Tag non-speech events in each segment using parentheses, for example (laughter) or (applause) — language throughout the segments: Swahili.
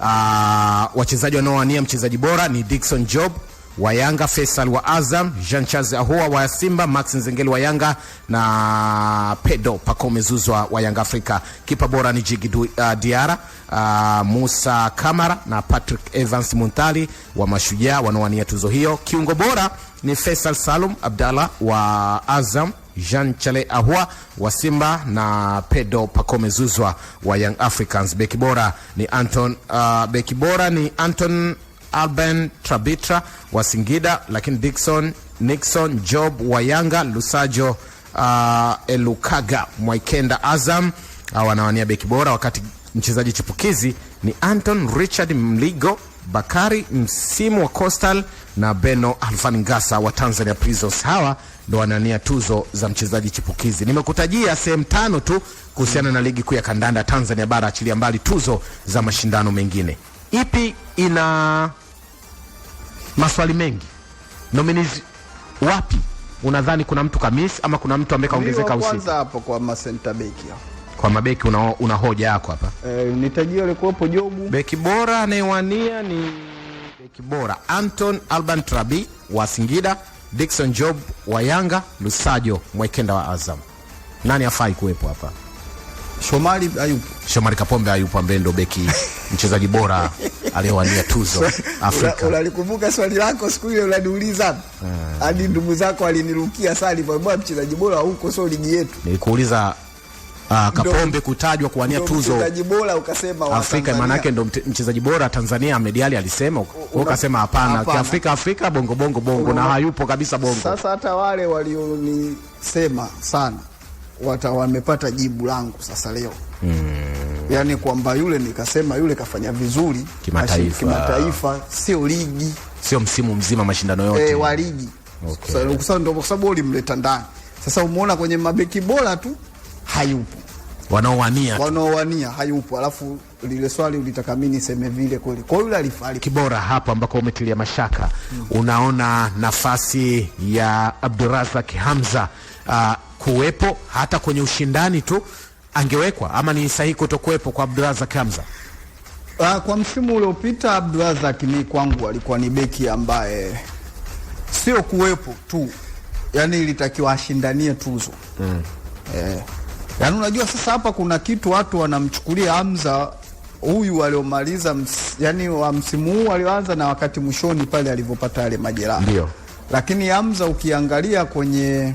Uh, wachezaji wanaowania mchezaji bora ni Dickson Job wa Yanga, Faisal wa Azam, Jean Charles ahua wa Simba, Max Nzengeli wa Yanga na pedo pakomezuzwa wa Yanga Afrika. Kipa bora ni Jigi uh, ah, Diara, uh, ah, Musa Kamara na Patrick Evans Muntali wa Mashujaa wanaowania tuzo hiyo. Kiungo bora ni Faisal Salum Abdallah wa Azam Jean Chale Ahua wa Simba na Pedro Pacome Zuzwa wa Young Africans. Beki bora ni Anton, uh, beki bora ni Anton Alban Trabitra wa Singida, lakini Dickson Nixon Job wa Yanga, Lusajo uh, Elukaga Mwaikenda Azam uh, wanawania beki bora, wakati mchezaji chipukizi ni Anton Richard Mligo Bakari msimu wa Coastal na Beno Alfan Ngasa wa Tanzania Prisons. Hawa ndo wanania tuzo za mchezaji chipukizi. Nimekutajia sehemu tano tu kuhusiana na ligi kuu ya kandanda Tanzania bara, achilia mbali tuzo za mashindano mengine. Ipi ina maswali mengi? Nominees wapi? Unadhani kuna mtu kamis ama kuna mtu ambaye kaongezeka usiku? Kwanza hapo kwa masenta beki Kwa mabeki una, una hoja yako hapa. Eh, nitajia ile kuwepo Beki bora anayewania ni bora Anton Alban Trabi wa Singida, Dickson Job wa Yanga, Lusajo Mwekenda wa Azam. Nani afai kuwepo hapa? Shomari Ayupo. Shomari Kapombe Ayupo ambaye ndo beki mchezaji bora aliyowania tuzo Afrika. Unalikumbuka swali lako siku ile unaniuliza hmm. hadi ndugu zako alinirukia sali, mchezaji bora huko, sio ligi yetu. Nilikuuliza uh, Kapombe kutajwa kuwania tuzo bora ukasema Afrika, maana yake ndo mchezaji bora Tanzania Ahmed Ally alisema, wewe ukasema hapana, Afrika Afrika, bongo bongo bongo, na hayupo kabisa bongo. Sasa hata wale walionisema sana wata wamepata jibu langu sasa leo mm. Yani kwamba yule nikasema yule kafanya vizuri kimataifa, kimataifa sio ligi, sio msimu mzima, mashindano yote e, wa ligi okay. Kwa sababu ulimleta ndani sasa, umeona kwenye mabeki bora tu hayupo, wanaowania wanaowania hayupo, alafu lile swali ulitaka mimi niseme vile kweli. Kwa yule yule kibora hapo ambako umetilia mashaka hmm. Unaona nafasi ya Abdurazak Hamza uh, kuwepo hata kwenye ushindani tu angewekwa ama ni sahihi kutokuwepo kwa Abdurazak Hamza? Uh, kwa msimu uliopita Abdurazak ni kwangu alikuwa ni beki ambaye sio kuwepo tu, yani ilitakiwa ashindanie tuzo hmm. eh. Yaani unajua sasa hapa kuna kitu watu wanamchukulia Hamza huyu aliomaliza ms, yani wa msimu huu alioanza na wakati mwishoni pale alivyopata yale majeraha. Ndio. Lakini Hamza ukiangalia kwenye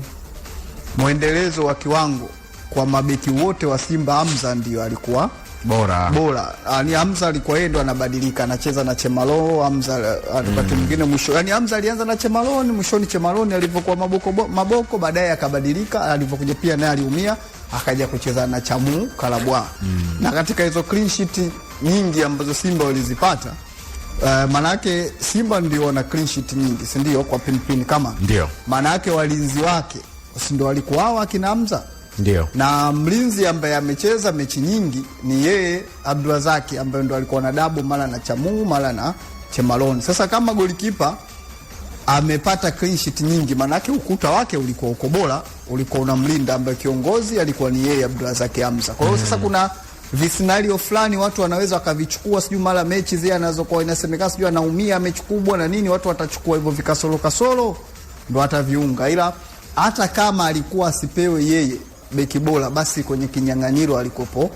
mwendelezo wa kiwango kwa mabeki wote wa Simba Hamza ndio alikuwa bora bora. Yani Hamza alikuwa yeye ndo anabadilika, anacheza na Chemalo. Hamza wakati mwingine mm. mwisho, yani Hamza alianza na Chemaloni, mwishoni Chemaloni alivyokuwa maboko maboko, baadaye akabadilika, alivyokuja pia naye aliumia akaja kucheza na Chamu Kalabwa mm. na katika hizo clean sheet nyingi ambazo Simba walizipata Uh, manake Simba ndio na clean sheet nyingi si ndio? Kwa pinpin kama ndio, manake walinzi wake si ndio walikuwa hao akina Hamza ndio, na mlinzi ambaye amecheza mechi nyingi ni yeye Abdulazaki ambaye ndio alikuwa na dabu mara na Chamu mara na Chemaloni. Sasa kama golikipa amepata clean sheet nyingi, maanake ukuta wake ulikuwa uko bora, ulikuwa unamlinda ambaye kiongozi alikuwa ni yeye Abdulrazak Hamza. Kwa hiyo mm. sasa kuna visinario fulani watu wanaweza wakavichukua, sijui mara mechi zile anazokuwa inasemekana sijui anaumia mechi kubwa na nini, watu watachukua hivyo vikasolo kasolo ndo ataviunga, ila hata kama alikuwa asipewe yeye beki bora, basi kwenye kinyang'anyiro alikopo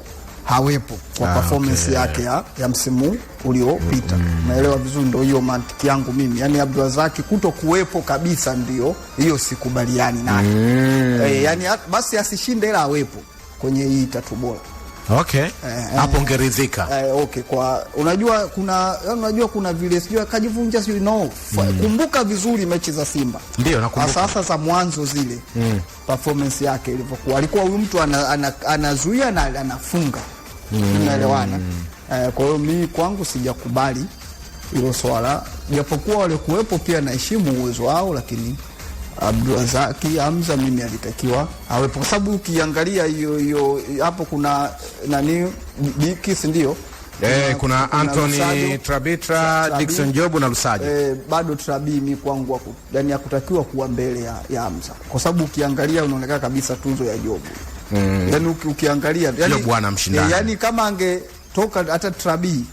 hawepo kwa ah, performance okay, yake ya, ya msimu uliopita mm. Naelewa vizuri, ndio hiyo mantiki yangu mimi, yani Abdulrazak kuto kuwepo kabisa, ndio hiyo sikubaliani naye mm. Eh, yani basi asishinde, ila awepo kwenye hii tatu bora Okay. Eh, eh. Hapo eh, ngeridhika. Eh, okay, kwa unajua kuna yaani unajua kuna vile sijui akajivunja sijui no. Mm. Kumbuka vizuri mechi za Simba. Ndio nakumbuka. Sasa za mwanzo zile. Mm. Performance yake ilivyokuwa. Alikuwa huyu mtu anazuia ana, ana na anafunga unaelewana mm. Eh, kwa hiyo mimi kwangu sijakubali hilo swala, japokuwa walikuwepo pia naheshimu uwezo wao, lakini abdurazaki Hamza mimi alitakiwa awepo, kwa sababu ukiangalia hiyo hiyo hapo kuna nani biki, si ndio? Eh, kuna Anthony Trabitra, Dickson Jobu na Lusajo. Eh, bado Trabi ni kwangu hapo. Yaani hakutakiwa kuwa mbele ya, ya Hamza. Kwa sababu ukiangalia unaonekana kabisa tunzo ya Jobu. Mm. Yaani uki, ukiangalia yani, Jobu ana eh, mshindani. Eh, yaani kama angetoka hata Trabi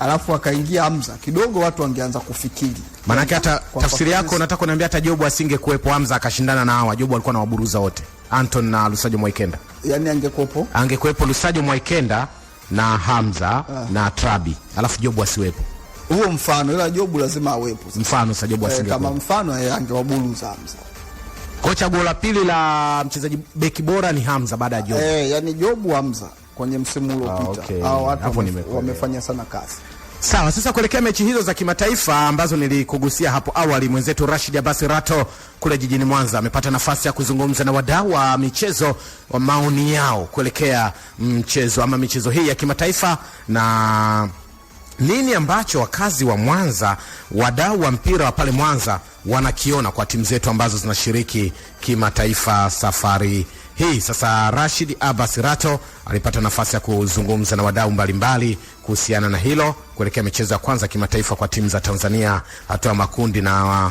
alafu akaingia Hamza kidogo watu wangeanza kufikiri. Maanake hata tafsiri yako nataka kuniambia hata Jobu asingekuwepo Hamza akashindana na hawa. Jobu alikuwa na waburuza wote. Anton na Lusajo Mwaikenda. Yaani angekuwepo? Angekuwepo Lusajo Mwaikenda na Hamza ah, na Trabi alafu Jobu asiwepo huo mfano, ila Jobu lazima awepo. Mfano sa Jobu eh, asingekuwa kama mfano, eh, angewaburu Hamza. Kwa chaguo la pili la mchezaji beki bora ni Hamza baada ya Jobu eh, yani Jobu Hamza kwenye msimu uliopita, ah, okay. Hao watu wamefanya sana kazi. Sawa, sasa kuelekea mechi hizo za kimataifa ambazo nilikugusia hapo awali, mwenzetu Rashid Abasi Rato kule jijini Mwanza amepata nafasi ya kuzungumza na wadau wa michezo wa maoni yao kuelekea mchezo ama michezo hii ya kimataifa na nini ambacho wakazi wa Mwanza, wadau wa mpira wa pale Mwanza wanakiona kwa timu zetu ambazo zinashiriki kimataifa safari hii sasa. Rashid Abbas Rato alipata nafasi ya kuzungumza na wadau mbalimbali kuhusiana na hilo kuelekea michezo ya kwanza kimataifa kwa timu za Tanzania hatua makundi na uh,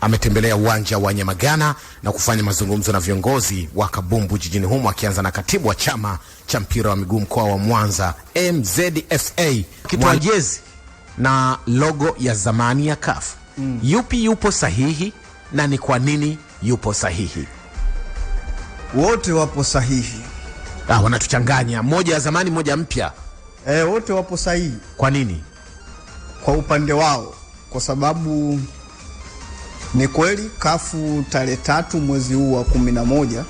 ametembelea uwanja wa Nyamagana na kufanya mazungumzo na viongozi wa kabumbu jijini humo, akianza na katibu wa chama cha mpira wa miguu mkoa wa Mwanza MZFA kitwa jezi na logo ya zamani ya CAF. Mm. Yupi yupo sahihi na ni kwa nini yupo sahihi? Wote wapo sahihi. Ah, wanatuchanganya, moja ya zamani, moja mpya. Eh, wote wapo sahihi. Kwa nini? Kwa upande wao, kwa sababu ni kweli kafu tarehe tatu mwezi huu wa kumi na moja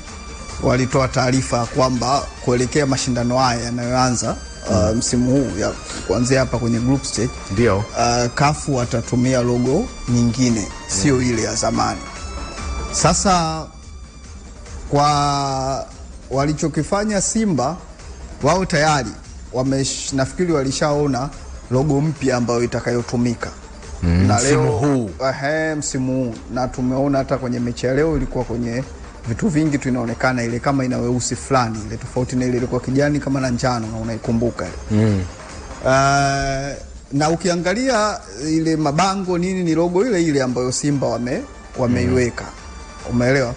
walitoa taarifa ya kwamba kuelekea mashindano haya yanayoanza Uh, hmm. msimu huu ya kuanzia hapa kwenye group stage ndio, uh, kafu watatumia logo nyingine, sio hmm. ile ya zamani. Sasa kwa walichokifanya Simba, wao tayari wamesh, nafikiri walishaona logo mpya ambayo itakayotumika mm, na leo huu ehe, msimu huu na tumeona hata kwenye mechi ya leo ilikuwa kwenye vitu vingi tunaonekana ile kama ina weusi fulani ile tofauti na ile ilikuwa kijani kama na njano na unaikumbuka mm. Uh, na ukiangalia ile mabango nini ni logo ile ile ambayo Simba wame wameiweka, mm. umeelewa?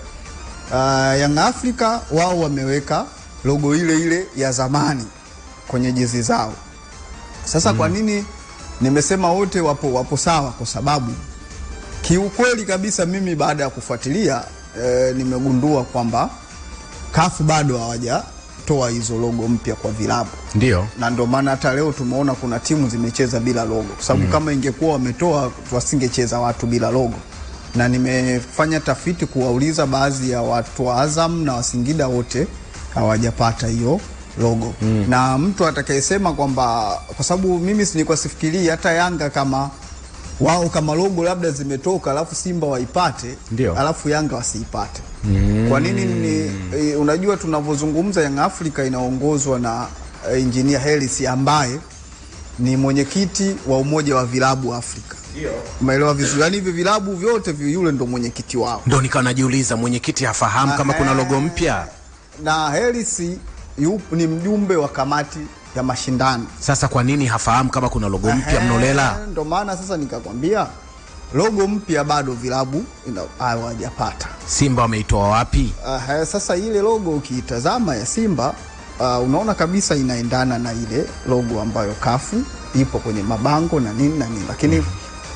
uh, Young Africa wao wameweka logo ile ile ya zamani kwenye jezi zao. Sasa mm. kwa nini nimesema wote wapo, wapo sawa? Kwa sababu kiukweli kabisa mimi baada ya kufuatilia e, nimegundua kwamba kafu bado hawajatoa hizo logo mpya kwa vilabu, ndio na ndio maana hata leo tumeona kuna timu zimecheza bila logo, kwa sababu mm. kama ingekuwa wametoa wasingecheza watu bila logo na nimefanya tafiti kuwauliza baadhi ya watu wa Azam na Wasingida wote hawajapata hiyo logo mm. Na mtu atakayesema kwamba kwa sababu mimi nilikuwa sifikirii hata Yanga kama wao kama logo labda zimetoka alafu Simba waipate Ndiyo. alafu Yanga wasiipate mm. Kwa nini ni, e, unajua tunavyozungumza Yanga afrika inaongozwa na e, Engineer Hersi ambaye ni mwenyekiti wa umoja wa vilabu Afrika Umeelewa vizuri. Yaani hivi vilabu vyote yule ndo mwenyekiti wao. Ndio nikawa najiuliza mwenyekiti hafahamu kama kuna logo mpya. Na Heris ni mjumbe wa kamati ya mashindano. Sasa kwa nini hafahamu kama kuna logo mpya Mnolela? Ndio maana sasa nikakwambia logo mpya bado vilabu hawajapata. Simba wameitoa wapi? Uh, sasa ile logo ukiitazama ya Simba uh, unaona kabisa inaendana na ile logo ambayo kafu ipo kwenye mabango na nini na nini, lakini mm.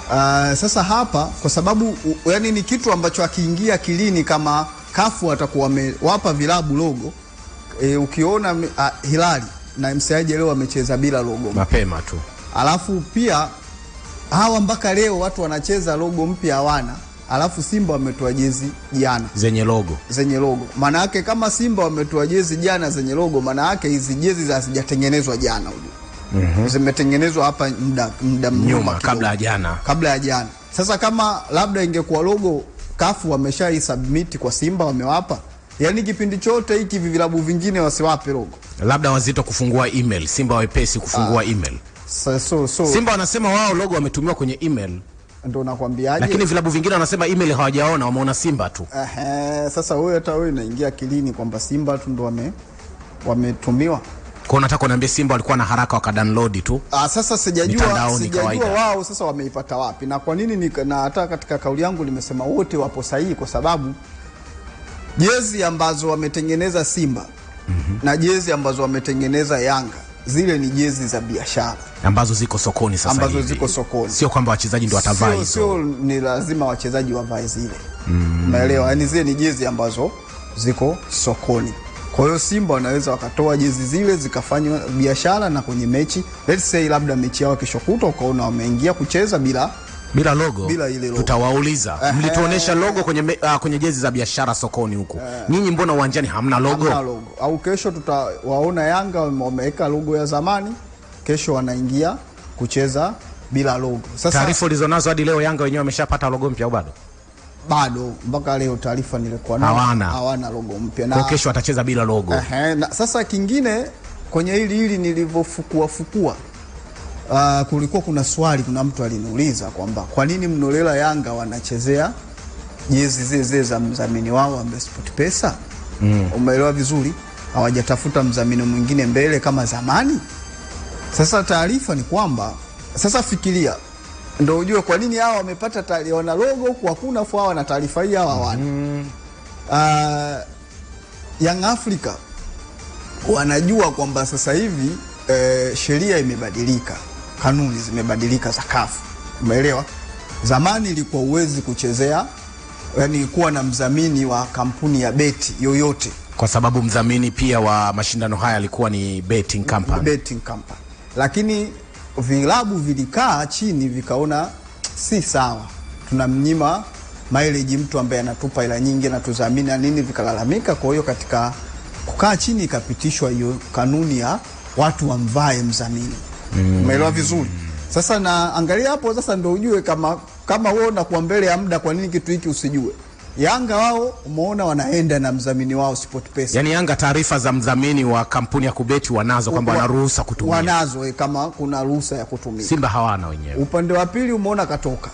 Uh, sasa hapa kwa sababu u, yani ni kitu ambacho akiingia kilini kama kafu atakuwa wapa vilabu logo e, ukiona uh, Hilali na MCAJ leo wamecheza bila logo mapema tu, alafu pia hawa mpaka leo watu wanacheza logo mpya hawana, alafu Simba wametoa jezi jana zenye logo zenye logo. Maana yake kama Simba wametoa jezi jana zenye logo, maana yake hizi jezi hazijatengenezwa jana. Ujua mm -hmm. zimetengenezwa hapa mda mda nyuma kabla ya jana, kabla ya jana. Sasa kama labda ingekuwa logo kafu wameshai kwa Simba wamewapa Yaani kipindi chote hiki vilabu vingine wasiwape logo, labda wazito kufungua email, Simba wepesi kufungua ah, email so, so, so. Simba wanasema wao logo wametumiwa kwenye email, ndo lakini vilabu vingine wanasema email hawajaona, wameona Simba tu. Ehe, sasa huyo hata huyo inaingia kilini kwamba Simba tu ndio wame wametumiwa kwa nataka kuniambia Simba walikuwa na haraka download tu. Ah, sasa sijajua sijajua wao sasa wameipata wapi na kwa nini na hata katika kauli yangu nimesema wote wapo sahihi kwa sababu jezi ambazo wametengeneza Simba mm -hmm. na jezi ambazo wametengeneza Yanga zile ni jezi za biashara ambazo ziko sokoni sasa ambazo hivi. ziko sokoni, sio kwamba wachezaji ndio watavaa hizo, sio ni lazima wachezaji wavae zile mm. Naelewa, yani zile ni jezi ambazo ziko sokoni. Kwa hiyo Simba wanaweza wakatoa jezi zile zikafanywa biashara na kwenye mechi let's say labda mechi yao kesho kutwa ukaona wameingia kucheza bila bila logo, bila ile logo. Tutawauliza mlituonesha logo kwenye, uh, kwenye jezi za biashara sokoni huku nyinyi mbona uwanjani hamna logo? Hamna logo. Au kesho tutawaona Yanga wameweka logo ya zamani, kesho wanaingia kucheza bila logo. Sasa taarifa ulizonazo hadi leo Yanga wenyewe wameshapata logo mpya au bado? bado mpaka leo taarifa nilikuwa nayo hawana hawana logo mpya, na kesho atacheza bila logo. Ehe, na sasa kingine kwenye hili hili nilivyofukua fukua Uh, kulikuwa kuna swali, kuna mtu aliniuliza kwamba kwa nini mnolela Yanga wanachezea jezi zile zile za mdhamini wao ambaye Pesa Mm. Umeelewa vizuri, hawajatafuta mdhamini mwingine mbele kama zamani. Sasa taarifa ni kwamba sasa, fikiria ndio ujue kwa nini hawa wamepata wana logo huku hakuna fu hawa na taarifa hii hawa wana mm. Uh, Young Africa wanajua kwamba sasa hivi eh, sheria imebadilika, kanuni zimebadilika za kafu, umeelewa? Zamani ilikuwa uwezi kuchezea, yani kuwa na mdhamini wa kampuni ya beti yoyote, kwa sababu mdhamini pia wa mashindano haya alikuwa ni betting company, betting company. Lakini vilabu vilikaa chini vikaona si sawa, tunamnyima mileage mtu ambaye anatupa hela nyingi na tuzamini na nini, vikalalamika. Kwa hiyo katika kukaa chini ikapitishwa hiyo kanuni ya watu wamvae mzamini. Umeelewa mm. vizuri sasa, na angalia hapo sasa, ndio ujue kama kama wewe unakuwa mbele ya muda, kwa nini kitu hiki usijue? Yanga wao umeona wanaenda na mdhamini wao Pesa. Yaani Yanga taarifa za mdhamini wa kampuni ya kubeti wanazo kwamba wana ruhusa kutumia. Wanazo eh, kama kuna ruhusa ya kutumia. Simba hawana wenyewe. Upande wa pili umeona katoka.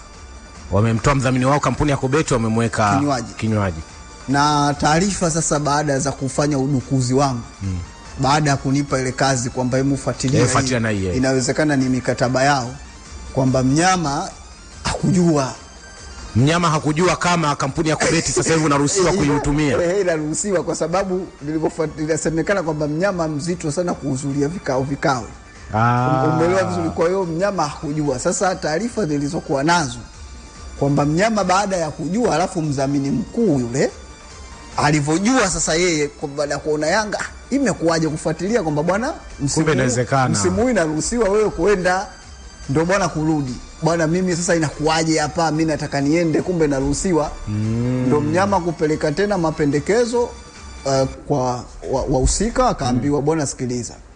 Wamemtoa mdhamini wao kampuni ya kubeti wamemweka kinywaji. Kinywaji. Na taarifa sasa baada za kufanya udukuzi wangu. Hmm. Baada ya kunipa ile kazi kwamba hebu fuatilia. Eh, eh. Inawezekana ni mikataba yao kwamba mnyama akujua mnyama hakujua kama kampuni ya kubeti sasa hivi unaruhusiwa (laughs) kuitumia. Eh, eh, inaruhusiwa kwa sababu inasemekana kwamba mnyama mzito sana kuhudhuria vikao vikao. Ah. Umeelewa vizuri. Kwa hiyo mnyama hakujua. Sasa taarifa zilizokuwa nazo kwamba mnyama baada ya kujua, alafu mdhamini mkuu yule alivyojua sasa yeye baada ya kuona Yanga imekuwaje, kufuatilia kwamba bwana, msimu huu inaruhusiwa wewe kuenda, ndio bwana kurudi bwana, mimi sasa inakuwaje hapa, mi nataka niende, kumbe naruhusiwa. Ndo mm. mnyama kupeleka tena mapendekezo uh, kwa wahusika wa akaambiwa, mm. bwana, sikiliza